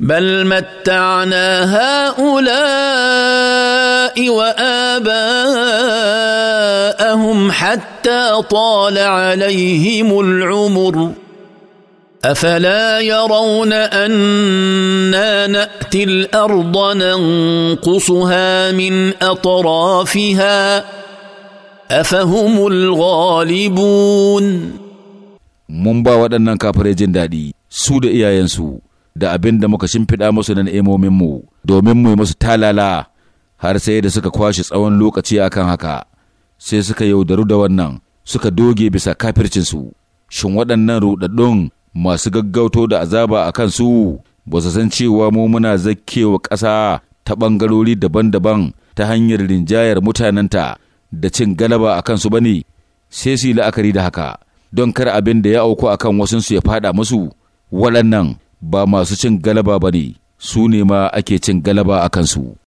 بل متعنا هؤلاء واباءهم حتى طال عليهم العمر افلا يرون انا ناتي الارض ننقصها من اطرافها افهم الغالبون ممبا ودنا waɗannan جندادي سود ايا ينسو da abin da muka shimfiɗa musu na mu domin mu yi musu talala har sai da suka kwashe tsawon lokaci akan haka sai suka yaudaru da wannan suka doge bisa kafircinsu shin waɗannan ruɗaɗɗun masu gaggauto da azaba a kansu ba su san cewa mu muna zakkewa ƙasa ta ɓangarori daban-daban ta hanyar rinjayar mutanenta da cin galaba a kansu ba ne sai su yi la'akari da haka don kar abin da ya auku a akan wasunsu ya faɗa musu waɗannan ba masu cin galaba ba ne, su ne ma ake cin galaba a kansu.